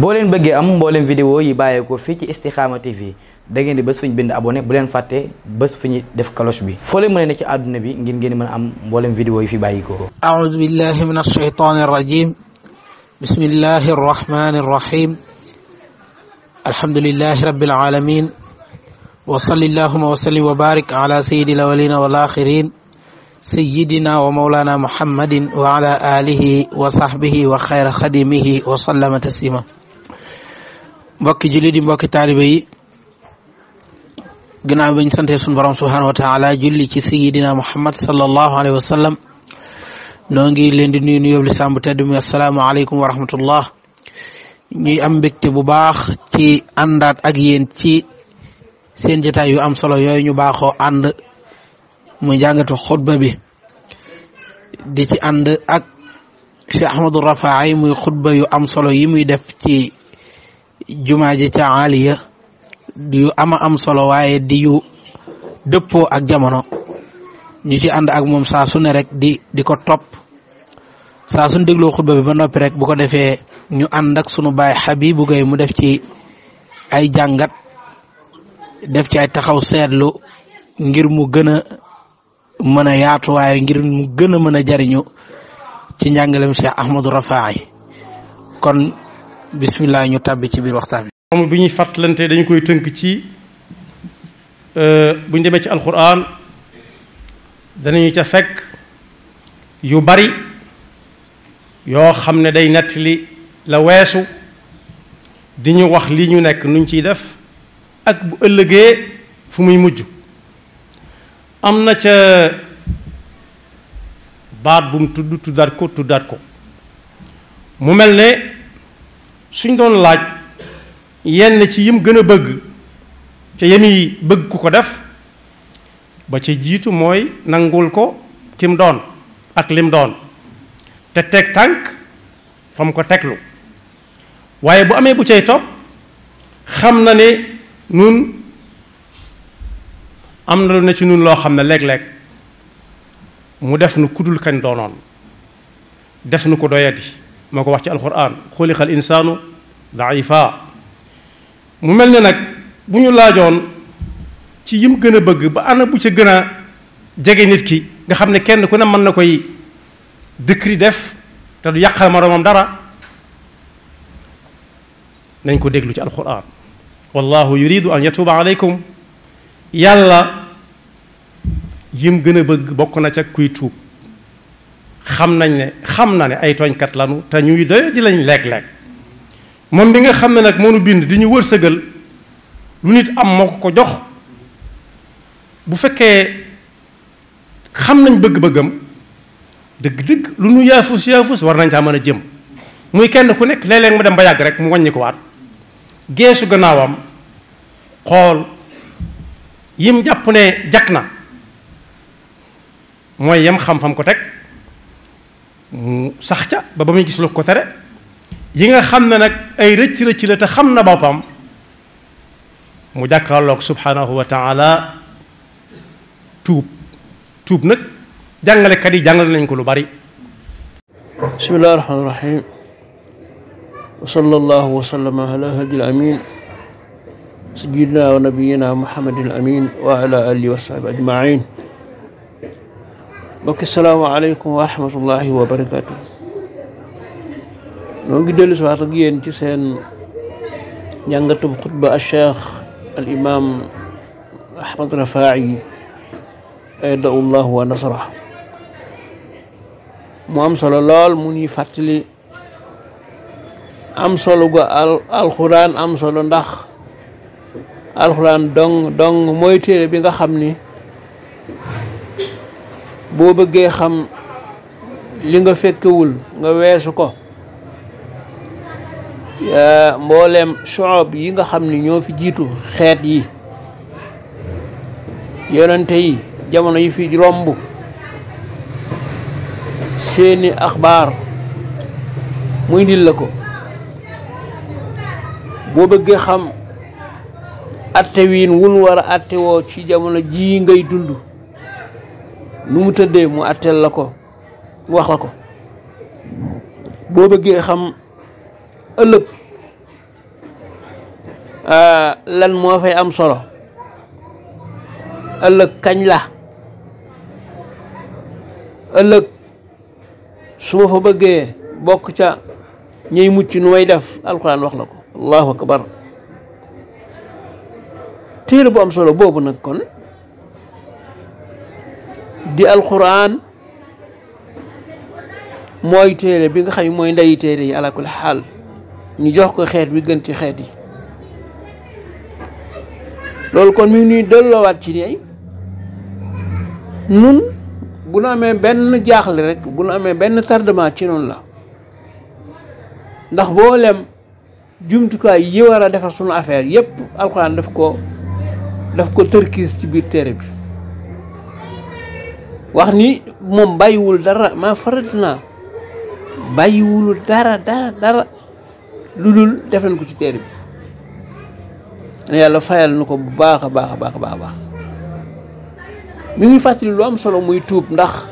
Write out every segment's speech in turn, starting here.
boo leen bëggee am mbooleem vidéo yi bàyyeekoo fii ci Istikhama TV da ngeen di bés fu ñu bind abonné bu leen fàtte bés fu ñu def cloche bi foo leen mën ci àdduna bi ngir ngeen mën a am mbooleem vidéo yi fi bàyyikoo aoudu billahi min alsheytani arrajim bismillahi arrahmani arrahim alhamdulilahi rabbil alamin wa salli allahuma wa sallim wa barik ala sayidi alawalina wal axirin sayidina wa mawlana muhammadin wa ala wa sahbihi wa xayra xadimihi wa sallama taslima mbokki julli di mbokki taalibe yi ginnaaw bi ñu sante suñu borom subhaanahu wa taala julli ci sayyidina muhammad sallallahu alayhi wa sallam noo ngi leen di nuyu nuyoob lislaam bu tedd mi asalaamaaleykum ñuy am mbégte bu baax ci àndaat ak yéen ci seen jotaay yu am solo yooyu ñu baaxoo ànd mu jàngatu xutba bi di ci ànd ak Cheikh Ahmadou Rafaay muy xutba yu am solo yi muy def ci jumaa ji ca aliya yu ama am solo waaye di yu dëppoo ak jamono ñu ci ànd ak moom saa sune rek di di ko topp saa suñ dégloo xutba bi ba noppi rek bu ko defee ñu ànd ak sunu baay Habibou Gueye mu def ci ay jàngat def ci ay taxaw seetlu ngir mu gën a mën a yaatu waaye ngir mu gën a mën a jariñu ci njàngalem Cheikh Ahmadou Rafaay kon bisimilah ñu tàbbi ci biir waxtaan bi. moom bi ñuy fàttalante dañu koy tënk ci euh, bu ñu demee ci alxuraan danañu ca fekk yu bari yoo xam ne day nettali la weesu di ñu wax li ñu nekk nuñ ciy def ak bu ëllëgee fu muy mujj am na ca baat bum tudd tuddaat ko tuddaat ko mu mel ne. suñ doon laaj yenn ci yim gën a bëgg ca yemi bëgg ku ko def ba ci jiitu mooy nangul ko kim doon ak lim doon te teg tànk fa mu ko teglu waaye bu amee bu cay topp xam na ne nun am na lu ne ci nun loo xam ne léeg-léeg mu def nu kudul kañ doonoon def nu ko doyati moo ko wax ci alquran xuliqa al insaanu daifa mu mel ni nag bu ñu laajoon ci yim gën a bëgg ba ana bu ca gën a jege nit ki nga xam ne kenn ku ne mën na koy décrit def te du yàqal moroomam dara nañ ko déglu ci alquran wallahu yuridu an yatuba aleykum yàlla yim gën a bëgg bokk na ca kuy tuub xam nañ ne xam na ne ay tooñkat lanu te ñuy doyo di lañ lekk leeg moom bi nga xam ne nag moo nu bind di ñu wër sëgal lu nit am moo ko ko jox bu fekkee xam nañ bëgg-bëggam dëgg-dëgg lu nu yaafus yaafus war nañ saa mën a jëm muy kenn ku nekk léeg-léeg mu dem ba yàgg rek mu wàññi ko waat geesu gannaawam xool yim jàpp ne jak na mooy yem xam fam ko teg mu sax ca ba ba muy gis lu ko yi nga xam ne nag ay rëcc rëcc la te xam na boppam mu jàkkaarloog subhanahu wa taala tuub tuub nag jàngalekat yi jàngale nañ ko lu bari bismillahi rahmaani rahim wa sallallahu wa sallama ala hadil amin sayyidina wa nabiyina muhammadin amin wa ala wa sahbi ajmain mbokki salaamaaleykum wa rahmatullahi wa barakaatu noo ngi dellu si waat ak yéen ci seen njàngatub xutba al cheikh al imam ahmad rafaa'i ayyadahullahu wa nasra mu am solo lool mu ñuy fàttali am solo gu al alxuraan am solo ndax alxuraan dong dong mooy téere bi nga xam ni boo bëggee xam li nga fekkewul nga weesu ko eh, mboolem soob yi nga xam ni ñoo fi jiitu xeet yi yonente yi jamono yi fi romb seeni axbaar muy ndil la ko boo bëggee xam ate wiin wun war a woo ci jamono ji ngay dund lu mu tëddee mu àtteel la ko mu wax la ko boo bëggee xam ëllëg euh, lan moo fay am solo ëllëg kañ la ëllëg su ma fa bëggee bokk ca ñey mucc nu may def alquran wax la ko allahu akbar téere bu am solo boobu nag kon di alquran mooy téere bi nga xam ne mooy ndeyi téere yi alakul xaal ñu jox ko xeet bi gën ci xeet yi loolu kon mi nuy delloowaat ci ni nun bu nu amee benn jaaxle rek bu nu amee benn tardement ci noonu la ndax boo lem jumtukaay yi war a defar sunu affaire yépp alquran daf ko daf ko tërkiis ci biir téere bi wax ni moom bàyyiwul dara maa farat naa bàyyiwul dara dara dara lu dul def nañ ko ci teer bi ne yàlla fayal nu ko bu baax a baax baax a baax mi ngi fàttali lu am solo muy tuub ndax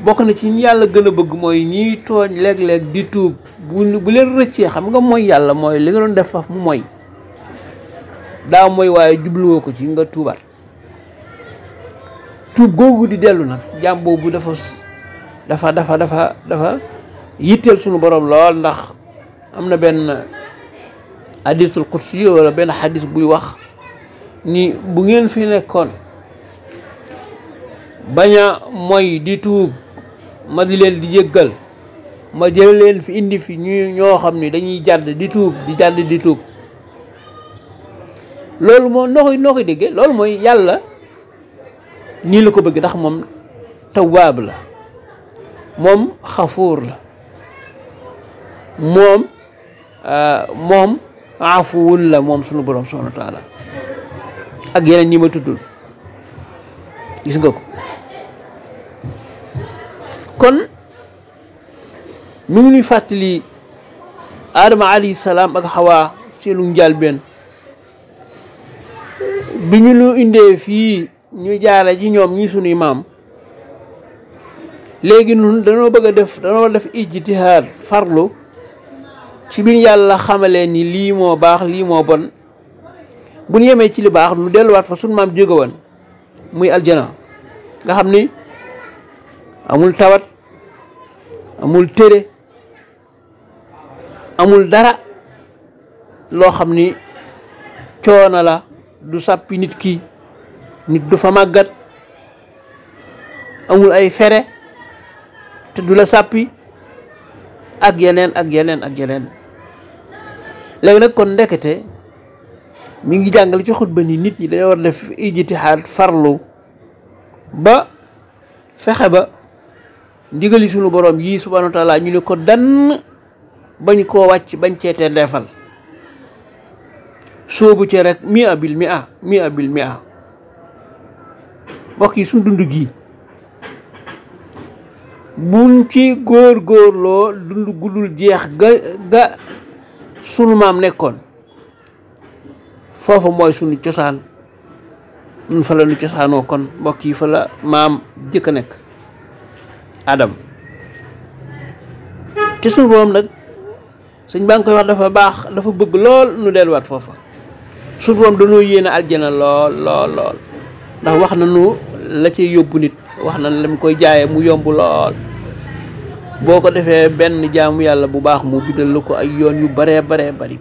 bokk na ci ñi yàlla gën a bëgg mooy ñiy tooñ léeg-léeg di tuub bu bu leen rëccee xam nga mooy yàlla mooy li nga doon def faf mu mooy daa mooy waaye jubluwoo ko ci nga tuubaat tuub googu di dellu nag jàmm bu dafa dafa dafa dafa dafa yitteel suñu borom lool ndax am na benn hadisul qudsi wala benn hadis buy wax ni bu ngeen fi nekkoon bañ a mooy di tuub ma di leen di jéggal ma jël leen fi indi fi ñu ñoo xam ni dañuy jàdd di tuub di jàdd di tuub loolu moo noo koy noo koy loolu mooy yàlla nii la ko bëgg ndax moom tawaab la moom xafuur la moom euh, moom afuwul la moom sunu borom subhanahu wa taala ak yeneen ñi ma tuddul gis nga ko kon mi ngi ñuy fàttali Adama alayhi salaam ak Xawaa seenu njàlbeen bi ñu lu indee fii ñuy jaare ci ñoom ñi suñuy maam léegi nun dañoo bëgg a def dañoo def ijtihaad farlu ci biir yàlla xamalee ni lii moo baax lii moo bon bu ñu yemee ci li baax nu delluwaat fa suñu maam jóge woon muy aljana nga xam ni amul tawat amul tére amul dara loo xam ni coono la du sàppi nit ki nit du fa màggat amul ay fere te du la sàppi ak yeneen ak yeneen ak yeneen léegi nag kon ndekete mu ngi jàngale ci xutba ni nit ñi dañoo war def ijtihaad farlu ba fexe ba ndigali sunu borom yii subhaanahu wa taala ñu ne ko dann bañ koo wàcc bañ ceetee defal soobu ci rek mi a bil mi a mi a bil mi a mbokk yi suñ dund gii buñ ci góor góorloo dund guddul jeex ga ga sunu maam nekkoon foofa mooy sunu cosaan ñun fa la nu cosaanoo kon mbokk yi fa la maam jëkk a nekk adam te sunu borom nag sëñ baa ngi koy wax dafa baax dafa bëgg lool nu delluwaat foofa sunu borom dañoo yéene aljana lool lool lool ndax wax na nu la ciy yóbbu nit wax nañ lam koy jaayee mu yomb lool boo ko defee benn jaamu yàlla bu baax mu bindal la ko ay yoon yu baree baree bari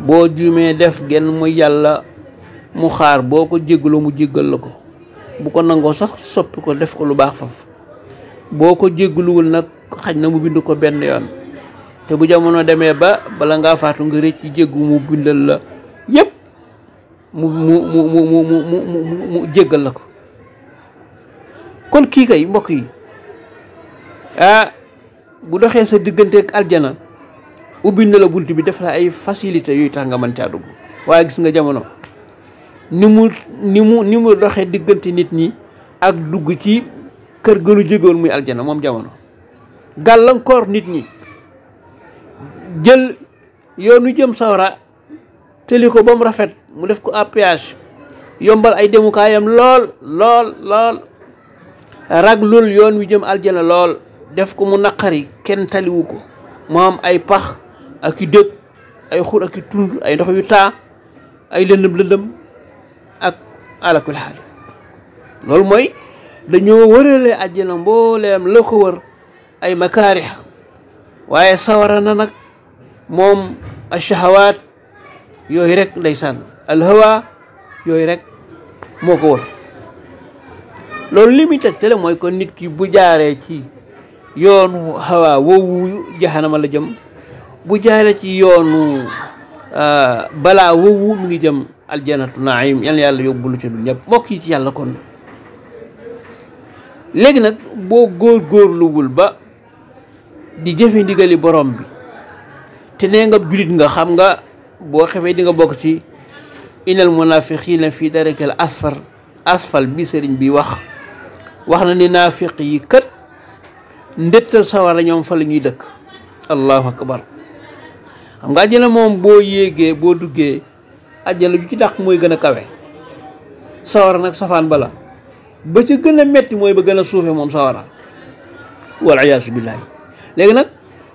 boo juumee def genn mooy yàlla mu xaar boo ko jéggaloo mu jéggal la ko bu ko nangoo sax soppi ko def ko lu baax faf boo ko jéggaluwul nag xaj na mu bind ko benn yoon te bu jamono demee ba bala ngaa faatu nga rëcc jéggu mu bindal la yépp mu mu mu mu mu mu jéggal la ko kon kii kay mbokk yi ah bu doxee sa ak aljana ubbi na la bunt bi def la ay facilité yooyu tax nga mën caa dugg waaye gis nga jamono ni mu ni mu doxee diggante nit ñi ak dugg ci kër gënu jégoon muy aljana moom jamono gàllankoor nit ñi jël yoonu jëm sawara teli ko ba rafet mu def ko à péage yombal ay demukaayam lool lool lool raglul yoon wi jëm aljana lool def ko mu naqari kenn taliwu ko mu am ay pax ak yu ay xur ak yu tund ay ndox yu taa ay lëndëm lëndëm ak alakul xaal loolu mooy dañoo wërale àjjana mbooleem la ko wër ay makaarix waaye sawara na nag moom achahawaat yooyu rek ndeysaan alhawa yooyu rek moo ko wër loolu li muy tegtale mooy kon nit ki bu jaaree ci yoonu hawa woowu jahanama la jëm bu jaaree ci yoonu euh, balaa woowu mu ngi jëm aljanatu naim yal na yàlla yóbbulu ci ñun ñëpp mbokk yi ci yàlla kon léegi nag boo góor góorluwul ba di jëfe ndigali borom bi te nee nga julit nga xam nga boo xefee di nga bokk ci inal munafiqina fi darikal asfar asfal bi sëriñ bi wax wax na ni naafiq yi kët ndettal sawara ñoom fa la ñuy dëkk allahu akbar xam nga àjjana moom boo yéegee boo duggee àjjana ju ci dàq mooy gën a kawe sawara nag safaan bala ba ci gën a metti mooy ba gën a suufe moom sawara wal iyaasu billaahi léegi nag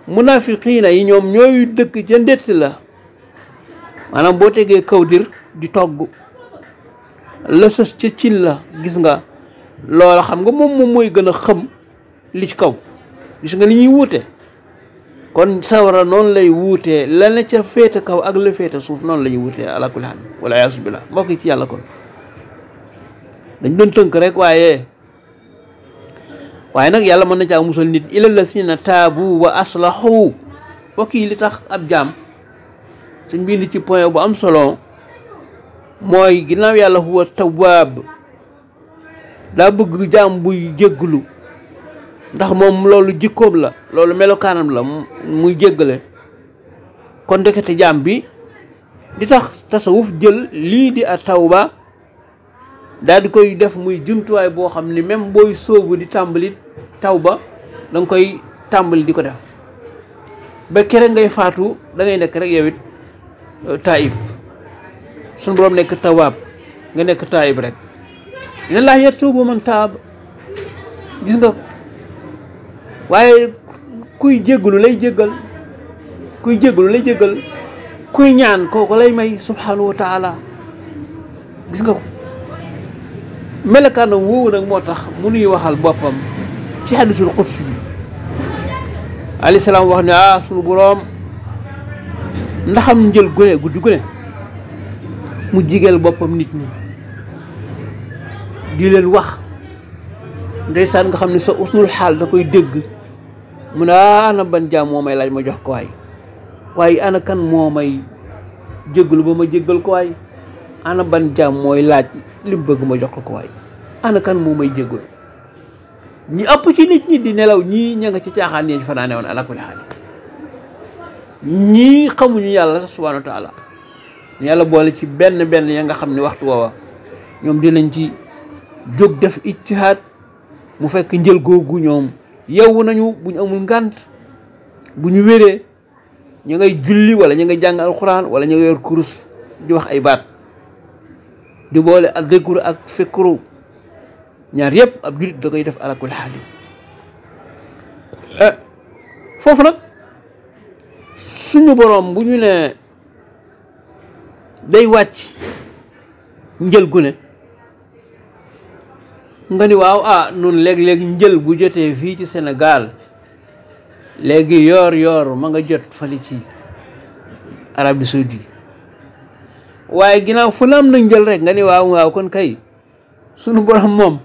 munafiqiina yi ñoom ñooy dëkk ca ndett la maanaam boo tegee kawdir di togg la sës ca cin la gis nga loola xam nga moom moom mooy gën a xëm li ci kaw gis nga li ñuy wuute kon sawara noonu lay wuutee la ne ca féete kaw ak la féete suuf noonu lañuy ñuy wuutee ala kulli haal ci yàlla kon dañ doon tënk rek waaye waaye nag yàlla mën na caa musal nit ila la si na taabu wa aslahu mbokk yi li tax ab jaam suñ li ci point bu am solo mooy ginnaaw yàlla huwa tawaab daa bëgg jaam buy jégglu ndax moom loolu jikkoom la loolu melokaanam la muy jéggale kon ndekete jaam bi di tax tasawuf jël lii di a tawba daal di koy def muy jumtuwaay boo xam ni même booy sóobu di tàmbali tawba da nga koy tàmbali di ko def ba kere ngay faatu dangay nekk rek yow it euh, taayib suñu borom nekk tawaab nga nekk taayib rek ne laa yatuubu man taab gis nga waaye kuy jéggalu lay jéggal kuy jéggalu lay jéggal kuy ñaan kooku lay may subhaanahu wa taala gis nga melokaanam woowu nag moo tax mu nuy waxal boppam ci xadisul qudsi bi alayhi salaam wax ne ah sunu boroom ndaxam njël gune guddi gune mu jigéel boppam nit ñi di leen wax ndeysaan nga xam ne sa usnul xaal da koy dégg mu ne ah, ana ban jaam moo may laaj ma jox ko waay waaye ana moo may jéggalu ba ma jéggal ko waay ana ban jaam mooy laaj li mu jox ko waay ana moo may jéggalu ñi ëpp ci nit ñi di nelaw ñii ña nga ci caaxaan yéen fanaane woon ala kulli xaal ñii xamuñu yàlla sax subhaanahu wa yàlla boole ci benn benn ya nga xam ne waxtu woowa ñoom dinañ ci jóg def ijtihaad mu fekk njël googu ñoom yewwu nañu bu amul ngànt bu ñu wéree ñu ngay julli wala ñu ngay jàng alxuraan wala ñu ngay yor kurus di wax ay baat di boole ak dëkkuru ak fekkuru ñaar yëpp ab julit da koy def ala kulli eh, foofu nag suñu boroom bu ñu ne day wàcc njël gune ne nga ni waaw ah nun léeg-léeg njël bu jotee fii ci Sénégal léegi yoor yoor ma nga jot fale ci Arabie Saoudite waaye ginnaaw fu la na njël rek nga ni waaw waaw kon kay sunu borom moom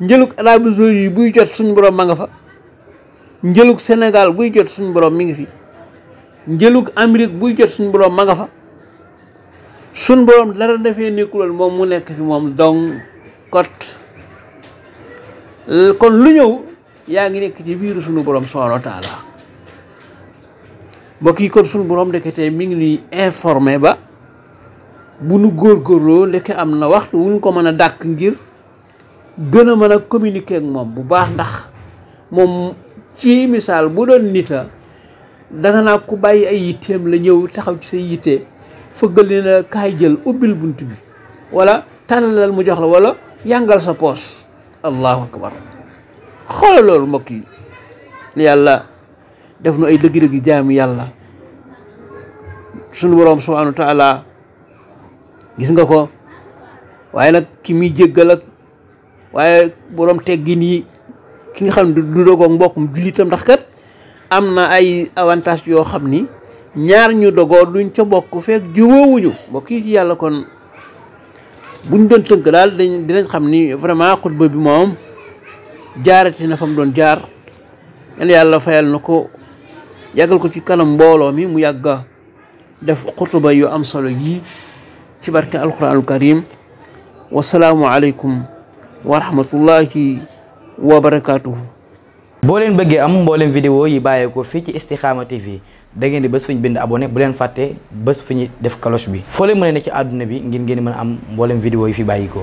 njëlug Arabie Saoudite buy jot suñ borom ma nga fa njëlug senegal buy jot suñu borom mi ngi fi njëlug Amérique buy jot suñ borom ma nga fa sun boroom dara dafee nekkuloon moom mu nekk fi moom dong kot kon lu ñëw yaa ngi nekk ci biiru sunu borom subhaanahu wa taala mbokk yi kon sunu borom ndekete mi ngi nuy informé ba bu nu góor góorgóorloo ndeke am na waxtu wuñ ko mën a dàkk ngir gën a mën a communiquer ak moom bu baax ndax moom ci misaal bu doon nita danga naa ku bàyyi ay yitteem la ñëw taxaw ci say yitte fëggal ne la kaay jël ubbil bunt bi wala tàllalal mu jox la wala yàngal sa poos allahu akbar xoola loolu mbokk yi yàlla def nu ay dëgg-dëgg jaami yàlla sunu boroom subhaanahu wa taala gis nga ko waaye nag ki muy jéggal ak waaye boroom teggin yi ki nga xam ne du dogoog mbokkum jullitam ndax kat am na ay avantage yoo xam ni ñaar ñu dogoo duñ ca bokk feek jubóowuñu mbokk ci yàlla kon buñ doon tënk daal dañ dinañ xam ni vraiment xutba bi moom jaarati na fa doon jaar yal yàlla fayal na ko yàggal ko ci kanam mbooloo mi mu yàgga def xutba yu am solo yi ci barke alquranul karim wasalaamu aleykum wa rahmatullahi wa boo leen bëggee am mboolem vidéo yi bàyyeekoo fii ci Istikhama TV da ngeen di bés fu ñu bind abonné bu leen fàtte bés fu ñu def cloche bi foo leen mën ne ci àdduna bi ngir ngeen mën am mboolem vidéo yi fi bàyyi ko